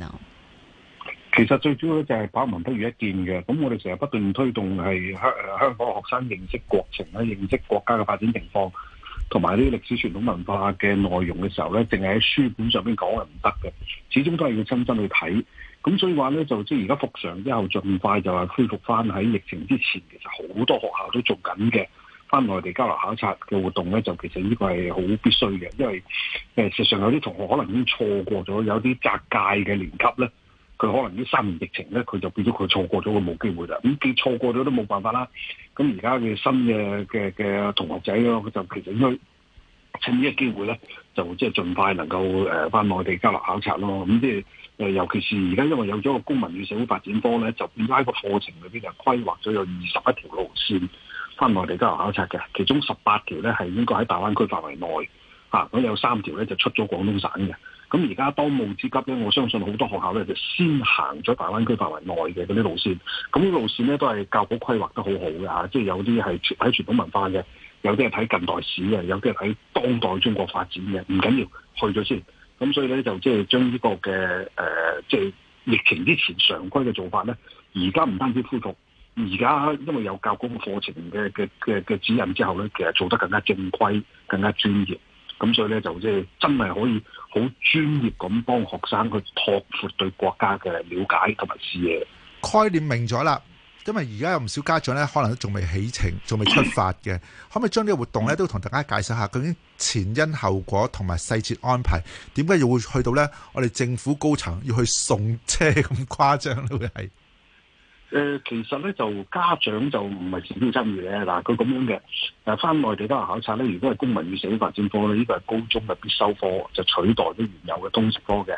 No. 其實最主要就係百聞不如一見嘅，咁我哋成日不斷推動係香香港學生認識國情咧，認識國家嘅發展情況，同埋呢啲歷史傳統文化嘅內容嘅時候呢，淨係喺書本上面講係唔得嘅，始終都係要親身去睇。咁所以話呢，就即係而家復常之後，盡快就係恢復翻喺疫情之前，其實好多學校都做緊嘅。返內地交流考察嘅活動咧，就其實呢個係好必須嘅，因為誒，實上有啲同學可能已經錯過咗，有啲隔界嘅年級咧，佢可能呢三年疫情咧，佢就變咗佢錯過咗，佢冇機會啦。咁佢錯過咗都冇辦法啦。咁而家嘅新嘅嘅嘅同學仔佢就其實應該趁呢個機會咧，就即係盡快能夠返翻、呃、內地交流考察咯。咁即係尤其是而家因為有咗個公民與社會發展科咧，就拉個課程裏邊就規劃咗有二十一條路線。返內地交流考察嘅，其中十八條咧係應該喺大灣區範圍內，嚇咁有三條咧就出咗廣東省嘅。咁而家當務之急咧，我相信好多學校咧就先行咗大灣區範圍內嘅嗰啲路線。咁路線咧都係教育局規劃得很好好嘅嚇，即係有啲係睇傳統文化嘅，有啲係睇近代史嘅，有啲係睇當代中國發展嘅。唔緊要緊去咗先。咁所以咧就即係將呢個嘅誒、呃，即係疫情之前常規嘅做法咧，而家唔單止恢復。而家因為有教工個課程嘅嘅嘅嘅指引之後咧，其實做得更加正規、更加專業，咁所以咧就即係真係可以好專業咁幫學生去拓闊對國家嘅了解同埋視野。概念明咗啦，因為而家有唔少家長咧，可能都仲未起程，仲未出發嘅， 可唔可以將呢個活動咧都同大家介紹下究竟前因後果同埋細節安排？點解要會去到咧？我哋政府高層要去送車咁誇張咧？會係？誒、呃，其實咧就家長就唔係自己參與嘅嗱，佢咁樣嘅，嗱翻內地交流考察咧，如果係公民與社會發展科咧，呢、這個係高中嘅必修科，就取代咗原有嘅通識科嘅。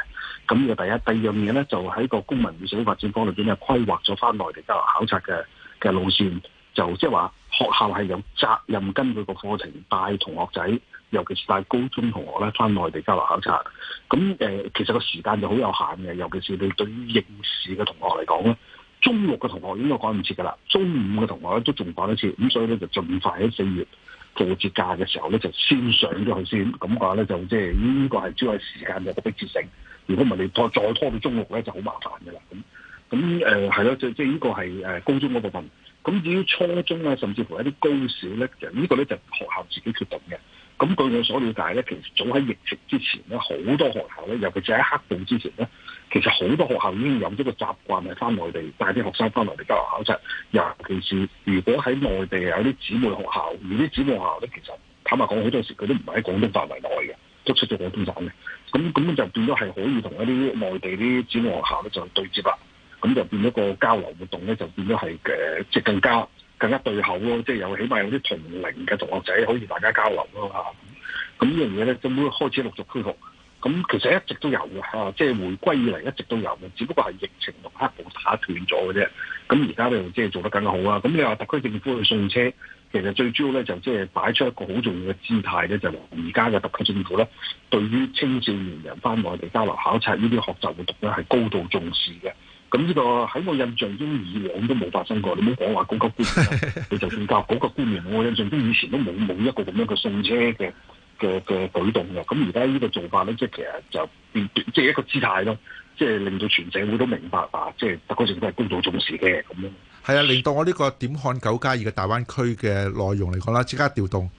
咁嘅第一，第二樣嘢咧，就喺個公民與社會發展科裏邊，就規劃咗翻內地交流考察嘅嘅路線，就即係話學校係有責任根據個課程帶同學仔，尤其是帶高中同學咧，翻內地交流考察。咁誒、呃，其實個時間就好有限嘅，尤其是你對於應試嘅同學嚟講咧。中六嘅同學應該趕唔切噶啦，中五嘅同學咧都仲趕得切，咁所以咧就儘快喺四月過節假嘅時候咧就先上咗去先，咁話咧就即係呢個係主要係時間嘅迫切性。如果唔係你再拖再拖到中六咧就好麻煩噶啦。咁咁誒係咯，即係呢個係誒高中嗰部分。咁至於初中啊，甚至乎一啲高小咧，這個，就呢個咧就學校自己決定嘅。咁據我所了解咧，其實早喺疫情之前咧，好多學校咧，尤其就喺黑暴之前咧。其實好多學校已經有咗個習慣，係翻內地帶啲學生翻內地交流考察。尤其是如果喺內地有啲姊妹學校，而啲姊妹學校咧，其實坦白講好多時佢都唔係喺廣東範圍內嘅，都出咗廣東省嘅。咁咁就變咗係可以同一啲內地啲姊妹學校咧就對接啦。咁就變咗個交流活動咧就變咗係呃，即係更加更加對口咯。即係有起碼有啲同齡嘅同學仔可以大家交流咯。吓，咁呢樣嘢咧，根本開始陸續恢復。咁其實一直都有嘅，即係回歸以嚟一直都有嘅，只不過係疫情同黑暴打斷咗嘅啫。咁而家咧，即係做得更加好啊。咁你話特區政府去送車，其實最主要咧就即係擺出一個好重要嘅姿態咧，就係而家嘅特區政府咧，對於青少年人翻內地交流考察呢啲學習活動咧，係高度重視嘅。咁呢個喺我印象中以往都冇發生過。你冇講話高級官員， 你就算教育局官員，我印象中以前都冇冇一個咁樣嘅送車嘅。嘅嘅舉動嘅，咁而家呢個做法咧，即係其實就變即係一個姿態咯，即係令到全社會都明白啊，即係德國政府係高度重視嘅，咁樣。係啊，令到我呢個點看九加二嘅大灣區嘅內容嚟講啦，即刻調動。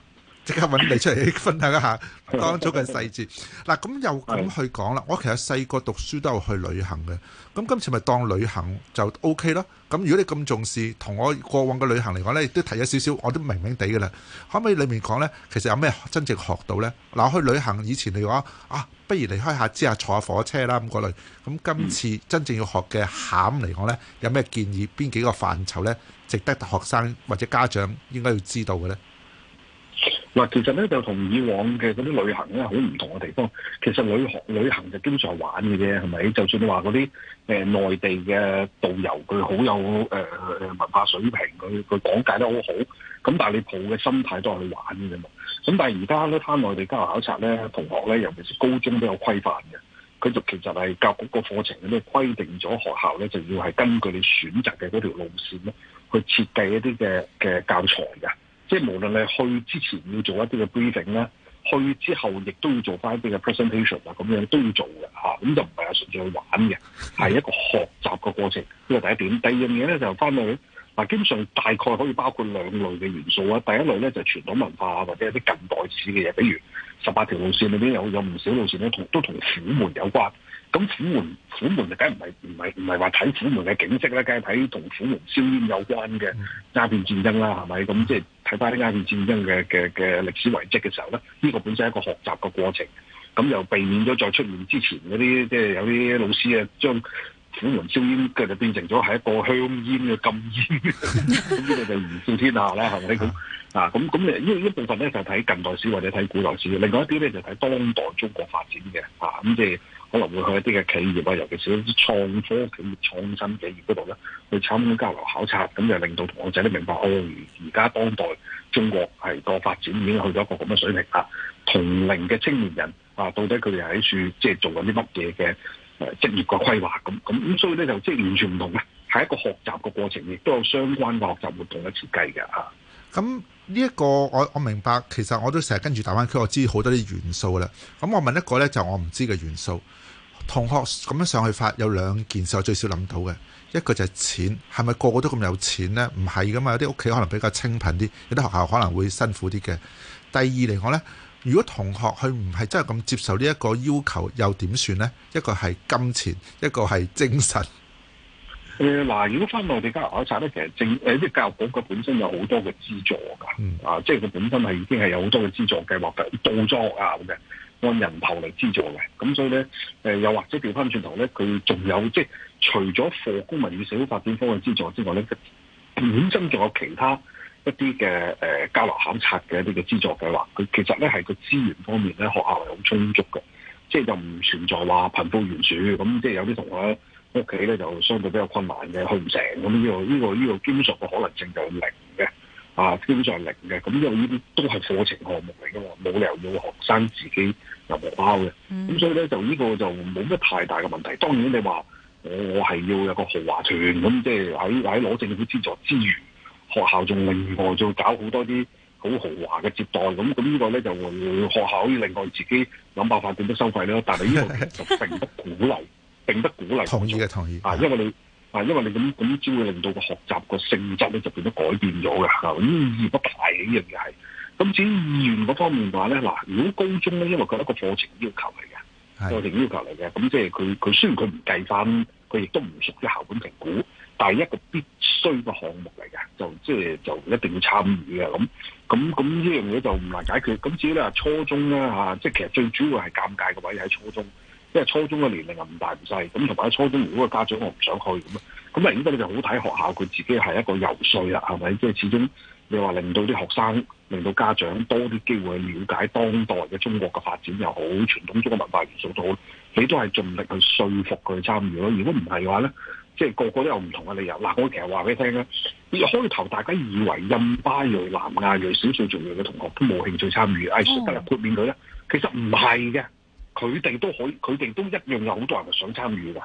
即刻揾你出嚟分享一下當中嘅細節。嗱，咁又咁去講啦。我其實細個讀書都有去旅行嘅。咁今次咪當旅行就 O K 咯。咁如果你咁重視，同我過往嘅旅行嚟講呢，亦都提咗少少，我都明明地嘅啦。可唔可以裏面講呢？其實有咩真正學到呢？嗱，去旅行以前你話，啊，不如離開下之下坐下火車啦咁嗰類。咁今次真正要學嘅餡嚟講呢，有咩建議？邊幾個範疇呢？值得學生或者家長應該要知道嘅呢？嗱，其實咧就同以往嘅嗰啲旅行咧好唔同嘅地方，其實旅行旅行就經常玩嘅啫，係咪？就算你話嗰啲誒內地嘅導遊，佢好有誒誒、呃、文化水平，佢佢講解得好好，咁但係你抱嘅心態都係去玩嘅啫。咁但係而家咧，返內地交流考察咧，同學咧，尤其是高中都有規範嘅，佢就其實係教育局個課程咧規定咗學校咧就要係根據你選擇嘅嗰條路綫咧去設計一啲嘅嘅教材嘅。即係無論你去之前要做一啲嘅 briefing 咧，去之後亦都要做翻一啲嘅 presentation 啊，咁樣都要做嘅咁、啊、就唔係純粹去玩嘅，係一個學習嘅過程，呢個第一點。第二樣嘢咧就翻、是、到去，嗱，基本上大概可以包括兩類嘅元素啊。第一類咧就是、傳統文化或者一啲近代史嘅嘢，比如十八條路線裏面有有唔少路線咧，同都同虎門有關。咁虎門虎門就梗係唔係唔係唔係話睇虎門嘅景色咧，梗係睇同虎門燒煙有關嘅鴉片戰爭啦，係咪咁即係？睇返啲鴉片戰爭嘅嘅嘅歷史遺跡嘅時候咧，呢、這個本身係一個學習嘅過程，咁又避免咗再出現之前嗰啲即係有啲老師嘅將虎門銷煙，佢就變成咗係一個香煙嘅禁煙，咁呢 個就貽笑天下啦，係咪咁啊？咁咁呢一部分咧就睇、是、近代史或者睇古代史，另外一啲咧就睇、是、當代中國發展嘅啊，咁即係。可能會去一啲嘅企業啊，尤其是啲創科企業、創新企業嗰度咧，去參與交流考察，咁就令到同學仔都明白，哦，而家當代中國係個發展已經去咗一個咁嘅水平啊。同齡嘅青年人啊，到底佢哋喺處即係做緊啲乜嘢嘅誒職業嘅規劃？咁咁咁，所以咧就即係完全唔同嘅，係一個學習嘅過程，亦都有相關嘅學習活動嘅設計嘅啊。咁呢一個我我明白，其實我都成日跟住大灣區，我知好多啲元素啦。咁我問一個咧，就我唔知嘅元素。同學咁樣上去發，有兩件事，我最少諗到嘅，一個就係錢，係咪個個都咁有錢呢？唔係噶嘛，有啲屋企可能比較清貧啲，有啲學校可能會辛苦啲嘅。第二嚟講呢，如果同學佢唔係真係咁接受呢一個要求，又點算呢？一個係金錢，一個係精神。嗱、嗯，如果翻到我哋交流考察呢，其實正誒啲教育局佢本身有好多嘅資助㗎，啊，即係佢本身係已經係有好多嘅資助計劃嘅，到咗學校嘅。按人頭嚟資助嘅，咁所以咧，誒又或者調翻轉頭咧，佢仲有即係除咗課公民與社會發展方面資助之外咧，本身仲有其他一啲嘅誒交流考察嘅一啲嘅資助計劃，佢其實咧係個資源方面咧學校係好充足嘅，即係就唔存在話貧富懸殊，咁即係有啲同學屋企咧就相對比較困難嘅去唔成，咁呢個呢個呢個基本上個可能性就零嘅，啊基本上係零嘅，咁因為呢啲都係課程項目嚟嘅嘛，冇理由要學生自己。入冇包嘅？咁所以咧，就呢個就冇咩太大嘅問題。當然你話我我係要有個豪華團咁，即係喺喺攞政府資助之餘，學校仲另外做搞好多啲好豪華嘅接待。咁咁呢個咧就學校可以另外自己諗辦法點樣收費咧。但係呢個就並不鼓勵， 並不鼓勵。同意嘅同意啊，因為你啊，因為你咁咁，只會令到個學習個性質咧就變咗改變咗嘅、啊，意義不大嘅一樣嘢係。咁至於意願嗰方面嘅話咧，嗱，如果高中咧，因為佢係一個課程要求嚟嘅，課程要求嚟嘅，咁即係佢佢雖然佢唔計翻，佢亦都唔屬於校本評估，但係一個必須嘅項目嚟嘅，就即係就，就一定要參與嘅。咁咁咁呢樣嘢就唔難解決。咁至於咧初中啦、啊，嚇、啊，即係其實最主要係尷尬嘅位喺初中，因為初中嘅年齡又唔大唔細，咁同埋喺初中如果家長我唔想去咁啊，咁啊，然之後你就好睇學校佢自己係一個游說啦，係咪？即係始終你話令到啲學生。令到家長多啲機會去了解當代嘅中國嘅發展又好，傳統中國文化元素都好，你都係盡力去說服佢參與咯。如果唔係嘅話咧，即係個個都有唔同嘅理由。嗱，我其實話俾你聽咧，開頭大家以為印巴裔、南亞裔、少數族裔嘅同學都冇興趣參與，藝術、哦哎、得入豁免佢咧。其實唔係嘅，佢哋都可以，佢哋都一樣有好多人想參與㗎。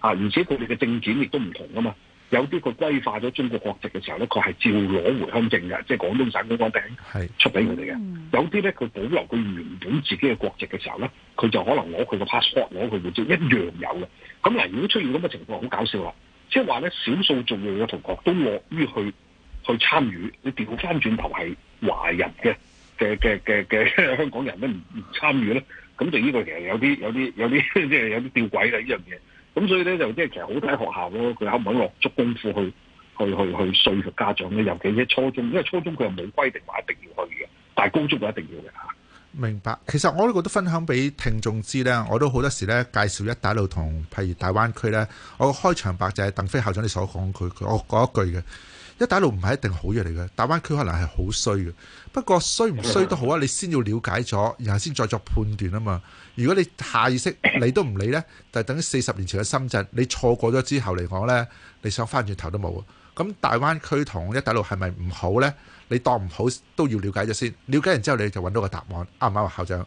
啊，而且佢哋嘅政見亦都唔同啊嘛。有啲佢規劃咗中國國籍嘅時候咧，佢係照攞回鄉證嘅，即係廣東省公安廳是出俾佢哋嘅。有啲咧，佢保留佢原本自己嘅國籍嘅時候咧，佢就可能攞佢個 passport，攞佢護照一樣有嘅。咁嗱，如果出現咁嘅情況，好搞笑呀！即係話咧，少數重要嘅同學都樂於去去參與。你調翻轉頭係華人嘅嘅嘅嘅嘅香港人咧，唔參與咧，咁對呢個其實有啲有啲有啲即係有啲吊詭啦，呢樣嘢。咁所以咧就即係其實好睇學校咯，佢肯唔肯落足功夫去去去去說服家長咧，尤其一初中，因為初中佢又冇規定話一定要去嘅，但係高中就一定要嘅嚇。明白，其實我呢個都分享俾聽眾知咧，我都好多時咧介紹一帶一路同譬如大灣區咧，我個開場白就係鄧飛校長你所講佢嗰嗰一句嘅。一帶路唔係一定好嘢嚟嘅，大灣區可能係好衰嘅。不過衰唔衰都好啊，你先要了解咗，然後先再作判斷啊嘛。如果你下意識咳咳理都唔理呢，就等於四十年前嘅深圳，你錯過咗之後嚟講呢，你想翻轉頭都冇。咁大灣區同一帶路係咪唔好呢？你當唔好都要了解咗先，了解完之後你就揾到個答案啱唔啱啊，校長？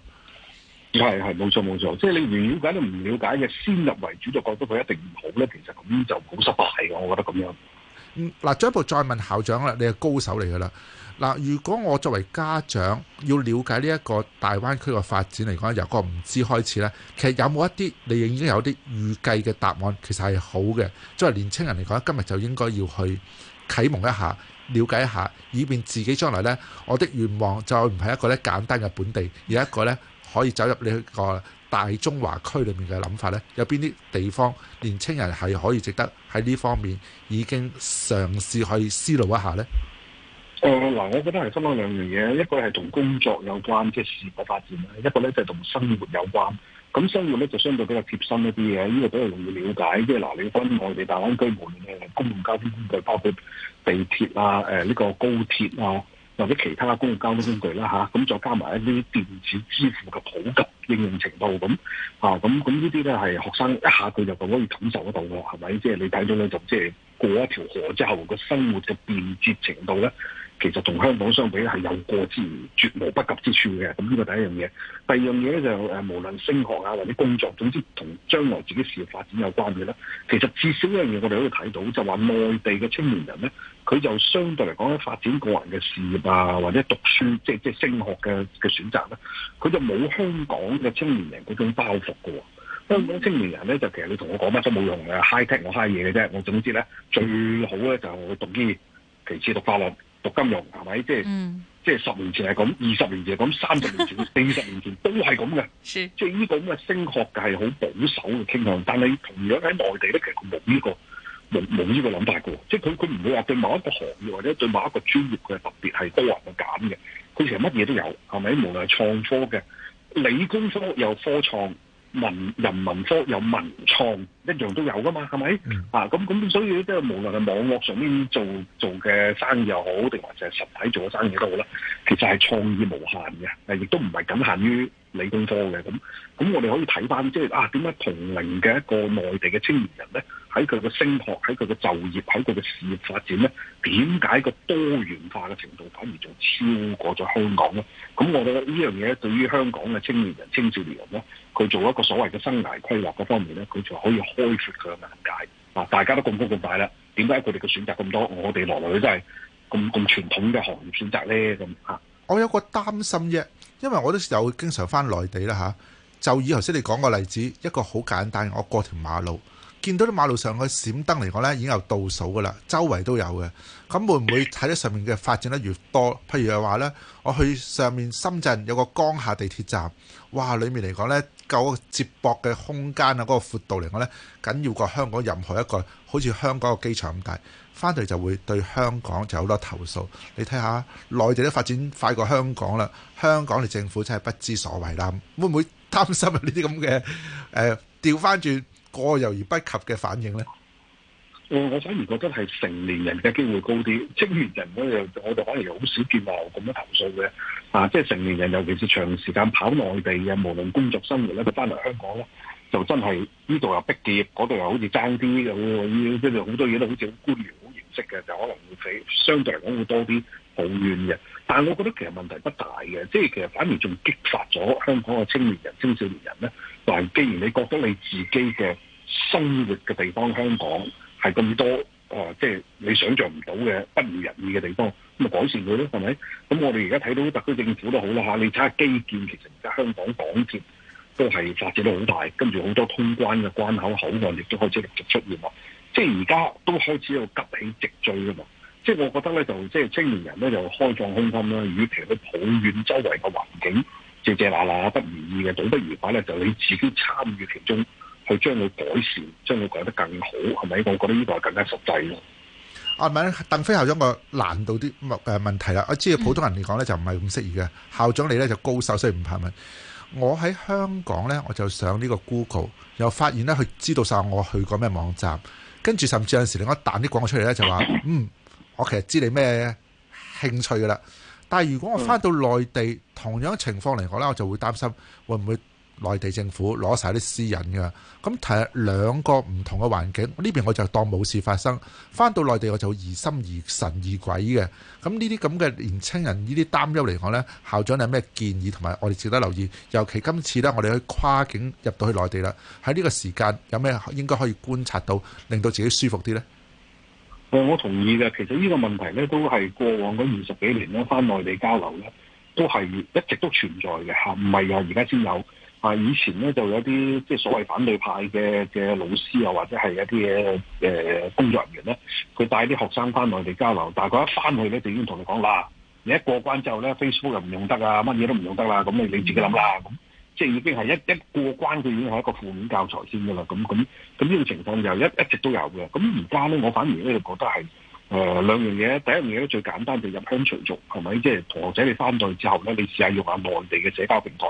係係冇錯冇錯，即係你唔了解都唔了解嘅，先入為主就覺得佢一定唔好呢。其實咁就好失敗嘅，我覺得咁樣。嗯嗱，進一步再問校長啦，你係高手嚟噶啦嗱。如果我作為家長要了解呢一個大灣區嘅發展嚟講，由個唔知開始呢，其實有冇一啲你已經有啲預計嘅答案，其實係好嘅。作為年輕人嚟講，今日就應該要去啟蒙一下，了解一下，以便自己將來呢，我的願望就唔係一個咧簡單嘅本地，而係一個呢，可以走入你、這、一個。大中華區裏面嘅諗法咧，有邊啲地方年輕人係可以值得喺呢方面已經嘗試去思路一下咧？誒，嗱，我覺得係分兩兩樣嘢，一個係同工作有關，即係事業發展啦；一個咧就係同生活有關。咁生活咧就相對比較貼身一啲嘅，呢個比較容易了解。即係嗱，你分我哋大灣區門嘅公共交通工具，包括地鐵啊、誒呢個高鐵啊。或者其他公共交通工具啦吓，咁、啊嗯、再加埋一啲電子支付嘅普及應用程度咁啊，咁、啊、咁、嗯嗯、呢啲咧係學生一下佢就可以感受得到喎，係咪？即係你睇到咧，就即、係、係、就係、過一條河之後個生活嘅便捷程度咧。其實同香港相比咧，係有過之而絕無不及之處嘅。咁呢個第一樣嘢，第二樣嘢咧就誒、是，無論升學啊或者工作，總之同將來自己事業發展有關嘅咧，其實至少一樣嘢我哋可以睇到，就話內地嘅青年人咧，佢就相對嚟講咧，發展個人嘅事業啊或者讀書，即係即係升學嘅嘅選擇咧，佢就冇香港嘅青年人嗰種包袱嘅。香港青年人咧就其實你同我講乜都冇用嘅，high tech 我 high 嘢嘅啫。我總之咧、mm. 最好咧就我讀醫，其次讀法律。讀金融係咪？即係、嗯、即係十年前係咁，二十年前係咁，三十年前、 四十年前都係咁嘅。是即係呢個咁嘅升學界係好保守嘅傾向。但係同樣喺內地咧，其實冇呢個冇冇呢個諗法嘅。即係佢佢唔會話對某一個行業或者對某一個專業嘅特別係多人去揀嘅。佢其實乜嘢都有，係咪？無論係創科嘅理工科又科創。文人文科有文創一樣都有噶嘛，係咪、嗯、啊？咁咁所以即係無論係網絡上面做做嘅生意又好，定話就係實體做嘅生意都好啦，其實係創意無限嘅，亦都唔係僅限於理工科嘅。咁咁我哋可以睇翻，即係啊點解同齡嘅一個內地嘅青年人呢？喺佢嘅升學、喺佢嘅就業、喺佢嘅事業發展咧，點解個多元化嘅程度反而仲超過咗香港咧？咁我覺得呢樣嘢對於香港嘅青年人、青少年人咧，佢做一個所謂嘅生涯規劃嗰方面咧，佢就可以開闊佢嘅眼界。嗱，大家都咁高咁大啦，點解佢哋嘅選擇咁多，我哋來來去去都係咁咁傳統嘅行業選擇咧？咁嚇，我有一個擔心啫，因為我都有經常翻內地啦嚇。就以頭先你講個例子，一個好簡單，我過條馬路。見到啲馬路上嘅閃燈嚟講呢，已經有倒數噶啦，周圍都有嘅。咁會唔會喺啲上面嘅發展得越多？譬如話呢，我去上面深圳有個江下地鐵站，哇！裡面嚟講呢，夠接駁嘅空間啊，嗰個闊度嚟講呢，緊要過香港任何一個，好似香港個機場咁大。翻嚟就會對香港就好多投訴，你睇下內地都發展快過香港啦，香港嘅政府真係不知所謂啦。會唔會擔心呢啲咁嘅誒？調翻轉。過猶而不及嘅反應咧，我反而覺得係成年人嘅機會高啲，青年人嗰樣我哋反而又好少見話咁樣投訴嘅。啊，即係成年人，尤其是長時間跑內地嘅，無論工作生活咧，佢翻嚟香港咧，就真係呢度又逼嘅，嗰度又好似爭啲嘅喎。依跟好多嘢都好似官員好形式嘅，就可能會比相對嚟講會多啲抱怨嘅。但係我覺得其實問題不大嘅，即係其實反而仲激發咗香港嘅青年人、青少年人咧。既然你覺得你自己嘅生活嘅地方香港係咁多誒，即係你想像唔到嘅不如人意嘅地方，咁咪、呃就是、改善佢咯，係咪？咁我哋而家睇到特區政府都好啦嚇，你睇下基建，其實而家香港港鐵都係發展得好大，跟住好多通關嘅關口口岸亦都開始陸續出現啦，即係而家都開始有急起直追㗎嘛。即係我覺得咧，就即係青年人咧，就開創胸襟啦，與其去抱怨周圍嘅環境。正正嗱嗱不如意嘅，倒不如話咧，就你自己參與其中，去將佢改善，將佢改得更好，係咪？我覺得呢個更加實際咯。阿敏，鄧飛校長個難度啲問誒問題啦，我知道普通人嚟講咧就唔係咁適宜嘅，嗯、校長你咧就高手，所以唔怕問。我喺香港咧，我就上呢個 Google，又發現咧佢知道晒我去過咩網站，跟住甚至有陣時候你說說，我一彈啲廣告出嚟咧，就 話嗯，我其實知你咩興趣噶啦。但係如果我翻到內地，同樣情況嚟講呢，我就會擔心會唔會內地政府攞晒啲私隱嘅。咁睇兩個唔同嘅環境，呢邊我就當冇事發生。翻到內地我就疑心疑神疑鬼嘅。咁呢啲咁嘅年青人呢啲擔憂嚟講呢，校長你有咩建議同埋我哋值得留意？尤其今次呢，我哋去跨境入到去內地啦，喺呢個時間有咩應該可以觀察到，令到自己舒服啲呢？我同意嘅。其實呢個問題咧，都係過往嗰二十幾年咧，翻內地交流咧，都係一直都存在嘅嚇，唔係話而家先有。啊，以前咧就有啲即係所謂反對派嘅嘅老師啊，或者係一啲嘅誒工作人員咧，佢帶啲學生翻內地交流，但係佢一翻去咧，就已經同你講啦，啊，你一過關之後咧，Facebook 又唔用得啊，乜嘢都唔用得，啊，啦，咁你你自己諗啦。嗯即係已經係一一過關，佢已經係一個負面教材先㗎啦。咁咁咁呢個情況就一一直都有嘅。咁而家咧，我反而咧就覺得係誒、呃、兩樣嘢。第一樣嘢咧最簡單就入鄉隨俗，係咪？即係同學仔你翻到去之後咧，你試下用下內地嘅社交平台。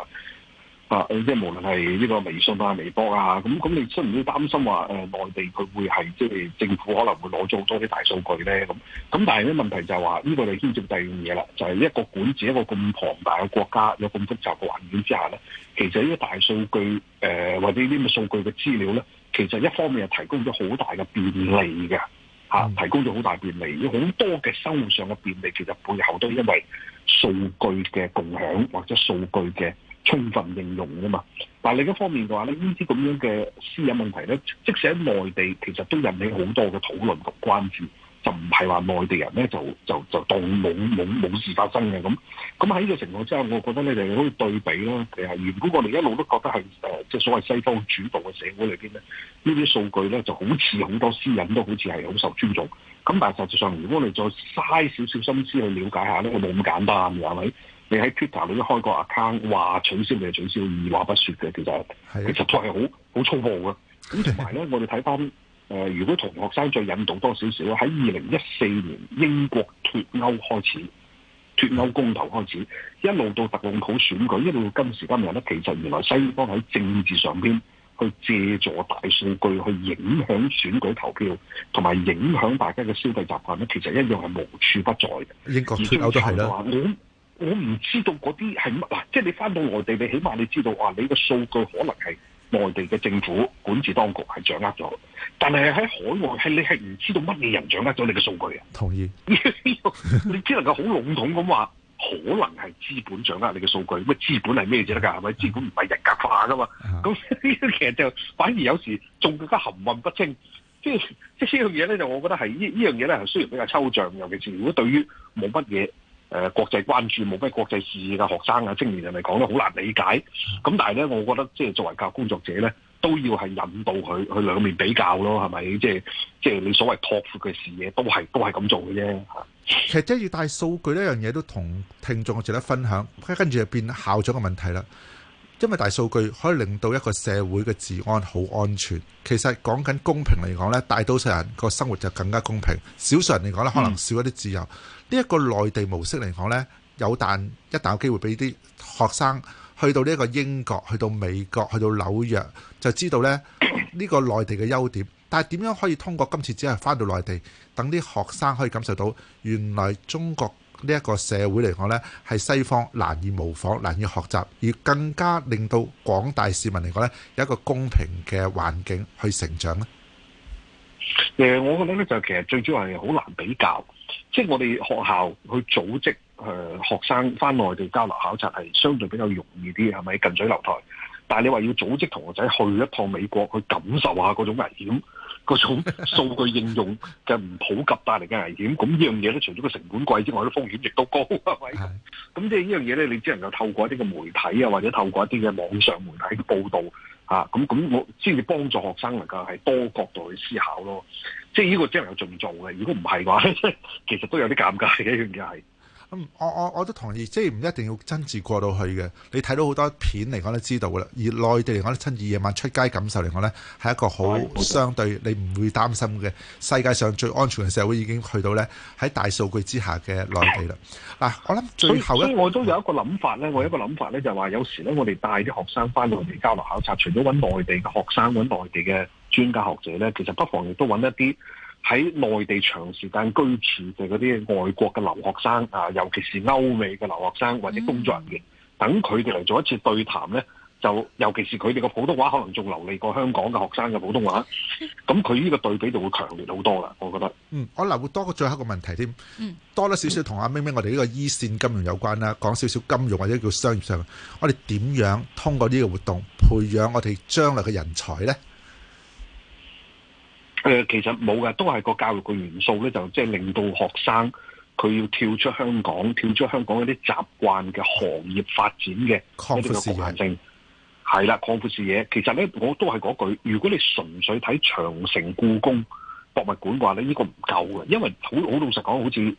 啊！即係無論係呢個微信啊、微博啊，咁咁，那你真唔、呃、會擔心話誒，內地佢會係即係政府可能會攞咗好多啲大數據咧？咁咁，但係咧問題就係話呢個就牽涉第二樣嘢啦，就係、是、一個管治一個咁龐大嘅國家，有咁複雜嘅環境之下咧，其實呢個大數據誒、呃、或者數呢啲咁嘅數據嘅資料咧，其實一方面係提供咗好大嘅便利嘅吓、啊，提供咗好大便利，有好多嘅生活上嘅便利，其實背後都因為數據嘅共享或者數據嘅。充分應用㗎嘛？但係另一方面嘅話咧，呢啲咁樣嘅私隱問題咧，即使喺內地，其實都引起好多嘅討論同關注，就唔係話內地人咧就就就當冇冇冇事發生嘅咁。咁喺呢個情況之下，我覺得你哋可以對比啦。其實，原本我哋一路都覺得係誒，即係所謂西方主導嘅社會裏邊咧，呢啲數據咧就好似好多私隱都好似係好受尊重。咁但係實際上，如果我哋再嘥少少心思去了解一下呢個冇咁簡單嘅係咪？你喺 Twitter 裏邊開個 account，話取消你就取消，二話不說嘅叫做，其實都係好好粗暴嘅。咁同埋咧，呢 我哋睇翻誒，如果同學生再引導多少少喺二零一四年英國脱歐開始，脱歐公投開始，一路到特朗普選舉，一路到今時今日咧，其實原來西方喺政治上邊去借助大數據去影響選舉投票，同埋影響大家嘅消費習慣咧，其實一樣係無處不在嘅。英國脱歐都係啦。我唔知道嗰啲係乜，即係你翻到內地，你起碼你知道，啊你個數據可能係內地嘅政府管治當局係掌握咗，但係喺海外係你係唔知道乜嘢人掌握咗你嘅數據啊！同意， 你只能夠好籠統咁話，可能係資本掌握你嘅數據。乜資本係咩嘢啫？得噶，係咪資本唔係人格化噶嘛？咁其實就反而有時仲更加含混不清。即係即係呢樣嘢咧，就我覺得係呢呢樣嘢咧，係雖然比較抽象，尤其是如果對於冇乜嘢。誒，國際關注冇咩國際視野嘅學生啊、青年人嚟講都，好難理解。咁但係呢，我覺得即係作為教育工作者呢，都要係引導佢去兩面比較咯，係咪？即係即係你所謂拓闊嘅事業是，嘢都係都係咁做嘅啫。其實即係要大數據呢樣嘢，都同聽眾值得分享。跟住就變校長嘅問題啦。因為大數據可以令到一個社會嘅治安好安全。其實講緊公平嚟講呢，大多數人個生活就更加公平。少數人嚟講呢，可能少一啲自由。嗯呢一個內地模式嚟講咧，有但一旦有機會俾啲學生去到呢一個英國、去到美國、去到紐約，就知道咧呢個內地嘅優點。但係點樣可以通過今次只係翻到內地，等啲學生可以感受到原來中國呢一個社會嚟講咧係西方難以模仿、難以學習，而更加令到廣大市民嚟講咧有一個公平嘅環境去成長咧。誒，我覺得咧就其實最主要係好難比較。即係我哋學校去組織誒、呃、學生翻內地交流考察係相對比較容易啲係咪近水樓台？但係你話要組織同學仔去一趟美國去感受下嗰種危險、嗰種數據應用就唔普及帶嚟嘅危險，咁呢樣嘢咧，除咗個成本貴之外，啲風險亦都高係咪？咁即係呢樣嘢咧，你只能夠透過一啲嘅媒體啊，或者透過一啲嘅網上媒體嘅報道啊，咁咁我先至幫助學生能夠係多角度去思考咯。即係呢、這個職有仲做嘅，如果唔係嘅話，其實都有啲尷尬嘅，一樣嘢係。咁我我我都同意，即係唔一定要親自過到去嘅。你睇到好多片嚟講都知道㗎啦。而內地嚟講咧，親自夜晚出街的感受嚟講咧，係一個好相對你唔會擔心嘅世界上最安全嘅社會已經去到咧喺大數據之下嘅內地啦。嗱， 我諗最後一所，所以我都有一個諗法咧。我有一個諗法咧就係話，有時咧我哋帶啲學生翻內地交流考察，除咗揾內地嘅學生，揾內地嘅。專家學者咧，其實不妨亦都揾一啲喺內地長時間居住嘅嗰啲外國嘅留學生啊，尤其是歐美嘅留學生或者工作人員，嗯、等佢哋嚟做一次對談咧，就尤其是佢哋嘅普通話可能仲流利過香港嘅學生嘅普通話，咁佢呢個對比就會強烈好多啦。我覺得，嗯，我留多個最後一個問題添，嗯、多咗少少同阿明明我哋呢個一線金融有關啦，講少少金融或者叫商業上，我哋點樣通過呢個活動培養我哋將來嘅人才咧？誒，其實冇嘅，都係個教育嘅元素咧，就即係令到學生佢要跳出香港，跳出香港一啲習慣嘅行業發展嘅擴闊視野性，係啦，擴闊視野。其實咧，我都係嗰句，如果你純粹睇長城、故宮博物館嘅話咧，呢個唔夠嘅，因為好好老實講，好似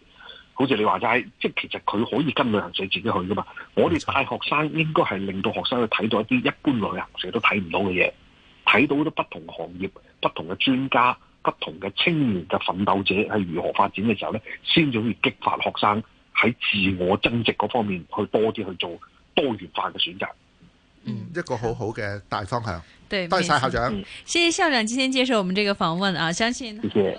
好似你話齋，即係其實佢可以跟旅行社自己去噶嘛。錯我哋帶學生應該係令到學生去睇到一啲一般旅行社都睇唔到嘅嘢。睇到好多不同行業、不同嘅專家、不同嘅青年嘅奮鬥者係如何發展嘅時候咧，先至會激發學生喺自我增值嗰方面去多啲去做多元化嘅選擇。嗯，一個好好嘅大方向。對，多謝晒校長、嗯。謝謝校長今天接受我們這個訪問啊，相信。謝謝